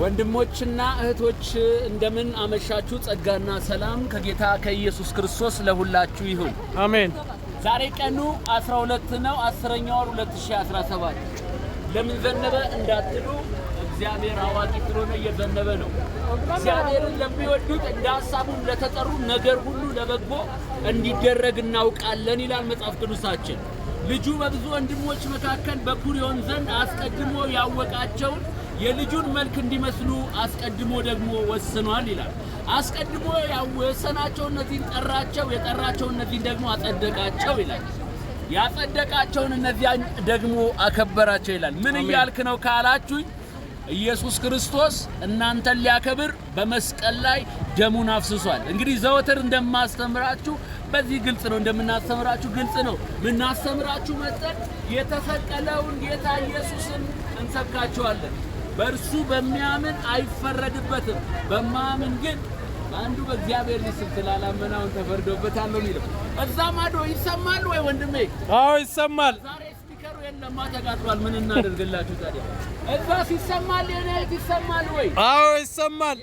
ወንድሞችና እህቶች እንደምን አመሻችሁ። ጸጋና ሰላም ከጌታ ከኢየሱስ ክርስቶስ ለሁላችሁ ይሁን፣ አሜን። ዛሬ ቀኑ 12 ነው፣ 10ኛው ወር 2017። ለምን ዘነበ እንዳትሉ እግዚአብሔር አዋቂ ስለሆነ እየዘነበ ነው። እግዚአብሔርን ለሚወዱት እንደ ሀሳቡ ለተጠሩ ነገር ሁሉ ለበጎ እንዲደረግ እናውቃለን ይላል መጽሐፍ ቅዱሳችን። ልጁ በብዙ ወንድሞች መካከል በኩር ይሆን ዘንድ አስቀድሞ ያወቃቸውን የልጁን መልክ እንዲመስሉ አስቀድሞ ደግሞ ወስኗል ይላል። አስቀድሞ የወሰናቸው እነዚህን ጠራቸው፣ የጠራቸው እነዚህን ደግሞ አጸደቃቸው ይላል። ያጸደቃቸውን እነዚያን ደግሞ አከበራቸው ይላል። ምን እያልክ ነው ካላችሁኝ ኢየሱስ ክርስቶስ እናንተን ሊያከብር በመስቀል ላይ ደሙን አፍስሷል። እንግዲህ ዘወትር እንደማስተምራችሁ በዚህ ግልጽ ነው፣ እንደምናስተምራችሁ ግልጽ ነው። ምናስተምራችሁ መጠን የተሰቀለውን ጌታ ኢየሱስን እንሰብካችኋለን። በእርሱ በሚያምን አይፈረድበትም። በማያምን ግን አንዱ በእግዚአብሔር ልጅ ስም ስላላመነ አሁን ተፈርዶበታል ነው የሚለው። እዛ ማዶ ይሰማል ወይ ወንድሜ? አዎ ይሰማል። ዛሬ ስፒከሩ የለማ ተቃጥሏል። ምን እናደርግላችሁ ታዲያ? እዛ ሲሰማል የኔት ይሰማል ወይ? አዎ ይሰማል።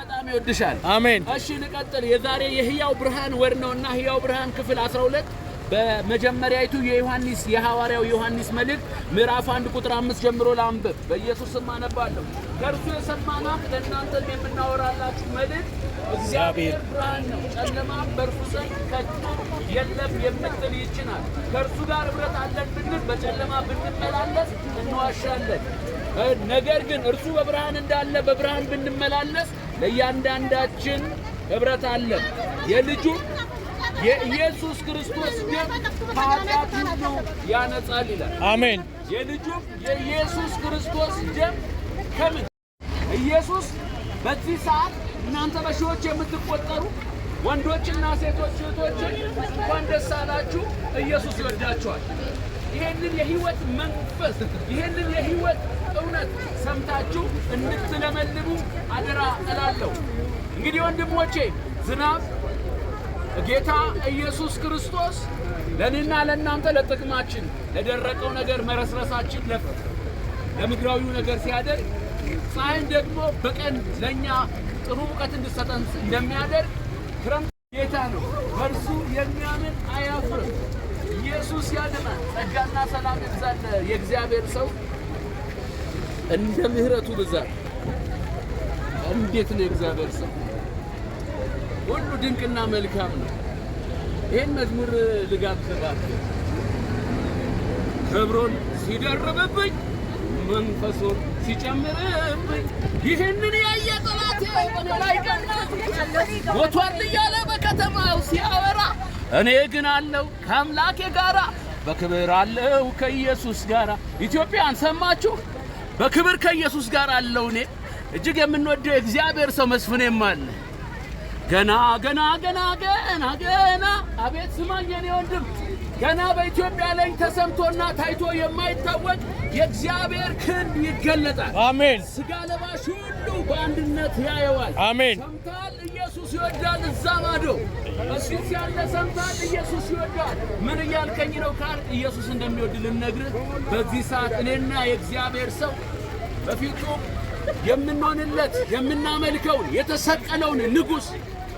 በጣም ይወድሻል። አሜን። እሺ ንቀጥል። የዛሬ የህያው ብርሃን ወር ነውና ህያው ብርሃን ክፍል 12 በመጀመሪያይቱ የዮሐንስ የሐዋርያው ዮሐንስ መልእክት ምዕራፍ አንድ ቁጥር አምስት ጀምሮ ላንብብ። በኢየሱስ ስም አነባለሁ። ከእርሱ የሰማናት ለእናንተም የምናወራላችሁ መልእክት እግዚአብሔር ብርሃን ነው፣ ጨለማም በእርሱ ዘንድ ከቶ የለም የምትል ይችናል። ከእርሱ ጋር ኅብረት አለን ብንል በጨለማ ብንመላለስ እንዋሻለን። ነገር ግን እርሱ በብርሃን እንዳለ በብርሃን ብንመላለስ ለእያንዳንዳችን ኅብረት አለን የልጁ የኢየሱስ ክርስቶስ ደም ከኃጢአት ሁሉ ያነጻል ይላል። አሜን። የልጁም የኢየሱስ ክርስቶስ ደም ከምን ኢየሱስ በዚህ ሰዓት እናንተ በሺዎች የምትቆጠሩ ወንዶችና ሴቶች እህቶችን እንኳን ደስ አላችሁ። ኢየሱስ ይወዳችኋል። ይሄንን የህይወት መንፈስ ይሄንን የህይወት እውነት ሰምታችሁ እንድትለመልሙ አደራ እላለሁ። እንግዲህ ወንድሞቼ ዝናብ ጌታ ኢየሱስ ክርስቶስ ለእኔና ለእናንተ ለጥቅማችን ለደረቀው ነገር መረስረሳችን ለፈ ለምድራዊው ነገር ሲያደርግ ፀሐይን ደግሞ በቀን ለእኛ ጥሩ ሙቀት እንድሰጠን እንደሚያደርግ ክረምት ጌታ ነው። በእርሱ የሚያምን አያፍርም። ኢየሱስ ያድናል። ጸጋና ሰላም ይብዛል። የእግዚአብሔር ሰው እንደ ምሕረቱ ብዛት እንዴት ነው የእግዚአብሔር ሰው ሁሉ ድንቅና መልካም ነው። ይህን መዝሙር ልጋብዝባት። ክብሩን ሲደርብብኝ መንፈሱን ሲጨምርብኝ ይህንን ያየ ጠላቴ በኔ ላይ ቀናት። ሞቷል እያለ በከተማው ሲያወራ እኔ ግን አለው ከአምላኬ ጋራ በክብር አለው ከኢየሱስ ጋራ። ኢትዮጵያን ሰማችሁ? በክብር ከኢየሱስ ጋር አለው። እኔ እጅግ የምንወደው የእግዚአብሔር ሰው መስፍኔም አለ ገና ገና ገና ገና ገና አቤት ስማኝ የኔ ወንድም ገና በኢትዮጵያ ላይ ተሰምቶና ታይቶ የማይታወቅ የእግዚአብሔር ክንድ ይገለጣል። አሜን። ስጋ ለባሽ ሁሉ በአንድነት ያየዋል። አሜን። ሰምታል፣ ኢየሱስ ይወዳል። እዛ ማዶ እሱስ ያለ ሰምታል፣ ኢየሱስ ይወዳል። ምን እያልከኝ ነው ካር ኢየሱስ እንደሚወድ ልነግርህ በዚህ ሰዓት እኔና የእግዚአብሔር ሰው በፊቱ የምንሆንለት የምናመልከውን የተሰቀለውን ንጉሥ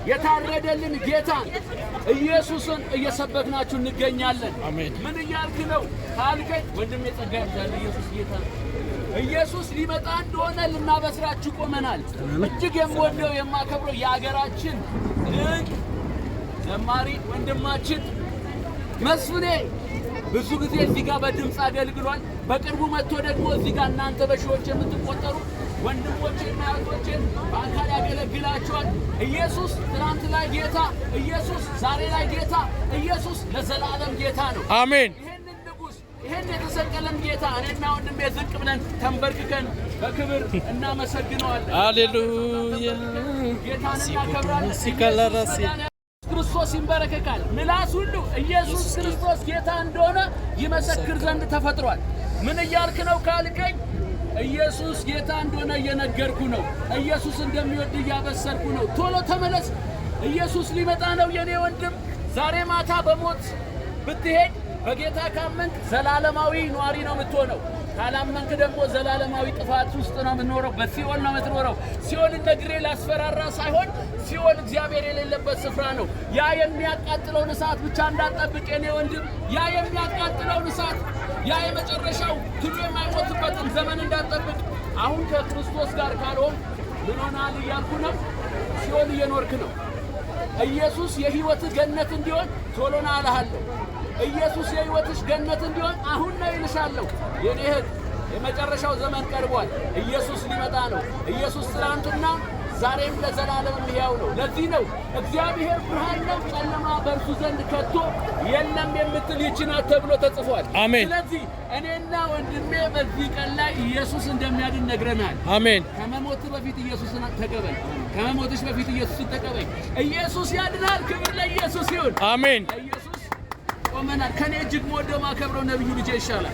የታረደልን ጌታን ኢየሱስን እየሰበክናችሁ እንገኛለን። ምን እያልክ ነው ካልከኝ፣ ወንድሜ ጸጋ ያብዛል። ኢየሱስ ጌታ ኢየሱስ ሊመጣ እንደሆነ ልናበስራችሁ ቆመናል። እጅግ የምወደው የማከብረው የአገራችን ድንቅ ዘማሪ ወንድማችን መስፍኔ ብዙ ጊዜ እዚህ ጋር በድምፅ አገልግሏል። በቅርቡ መጥቶ ደግሞ እዚህ ጋር እናንተ በሺዎች የምትቆጠሩ ወንድሞቼና እህቶቼን ይላችኋል። ኢየሱስ ትናንት ላይ ጌታ፣ ኢየሱስ ዛሬ ላይ ጌታ፣ ኢየሱስ ለዘላለም ጌታ ነው። አሜን። ይህንን ንጉስ ይህን የተሰቀለን ጌታ እኔና ወንድሜ ዝቅ ብለን ተንበርክከን በክብር እናመሰግነዋለን። አሌሉያ። ጌታን እናከብራለን። ክርስቶስ ይንበረከካል። ምላስ ሁሉ ኢየሱስ ክርስቶስ ጌታ እንደሆነ ይመሰክር ዘንድ ተፈጥሯል። ምን እያልክ ነው ካልከኝ ኢየሱስ ጌታ እንደሆነ እየነገርኩ ነው። ኢየሱስ እንደሚወድ እያበሰርኩ ነው። ቶሎ ተመለስ፣ ኢየሱስ ሊመጣ ነው። የኔ ወንድም ዛሬ ማታ በሞት ብትሄድ በጌታ ካመንክ ዘላለማዊ ኗሪ ነው የምትሆነው። ካላመንክ ደግሞ ዘላለማዊ ጥፋት ውስጥ ነው የምትኖረው። በሲኦል ነው የምትኖረው። ሲኦል ነግሬ ላስፈራራ ሳይሆን ሲኦል እግዚአብሔር የሌለበት ስፍራ ነው። ያ የሚያቃጥለውን እሳት ብቻ እንዳጠብቅ የኔ ወንድም፣ ያ የሚያቃጥለውን እሳት ያ የመጨረሻው ዘመን እንዳጠብቅ አሁን ከክርስቶስ ጋር ካልሆን ምን ሆነሃል እያልኩ ነው። ሲኦል እየኖርክ ነው። ኢየሱስ የሕይወትህ ገነት እንዲሆን ቶሎና አልሃለሁ። ኢየሱስ የህይወትሽ ገነት እንዲሆን አሁን ነው ይልሻለሁ። የኔ እህት፣ የመጨረሻው ዘመን ቀርቧል። ኢየሱስ ሊመጣ ነው። ኢየሱስ ትናንትና ዛሬም ለዘላለም ሕያው ነው። ለዚህ ነው እግዚአብሔር ብርሃን ነው፣ ጨለማ በእርሱ ዘንድ ከቶ የለም የምትል ይችና ተብሎ ተጽፏል። አሜን። ስለዚህ እኔና ወንድሜ በዚህ ቀን ላይ ኢየሱስ እንደሚያድን ነግረናል። አሜን። ከመሞት በፊት ኢየሱስን ተቀበል። ከመሞትሽ በፊት ኢየሱስን ተቀበል። ኢየሱስ ያድናል። ክብር ለኢየሱስ ይሁን። አሜን። ኢየሱስ ቆመናል። ከኔ እጅግ መወደው ማከብረው ነብዩ ልጄ ይሻላል።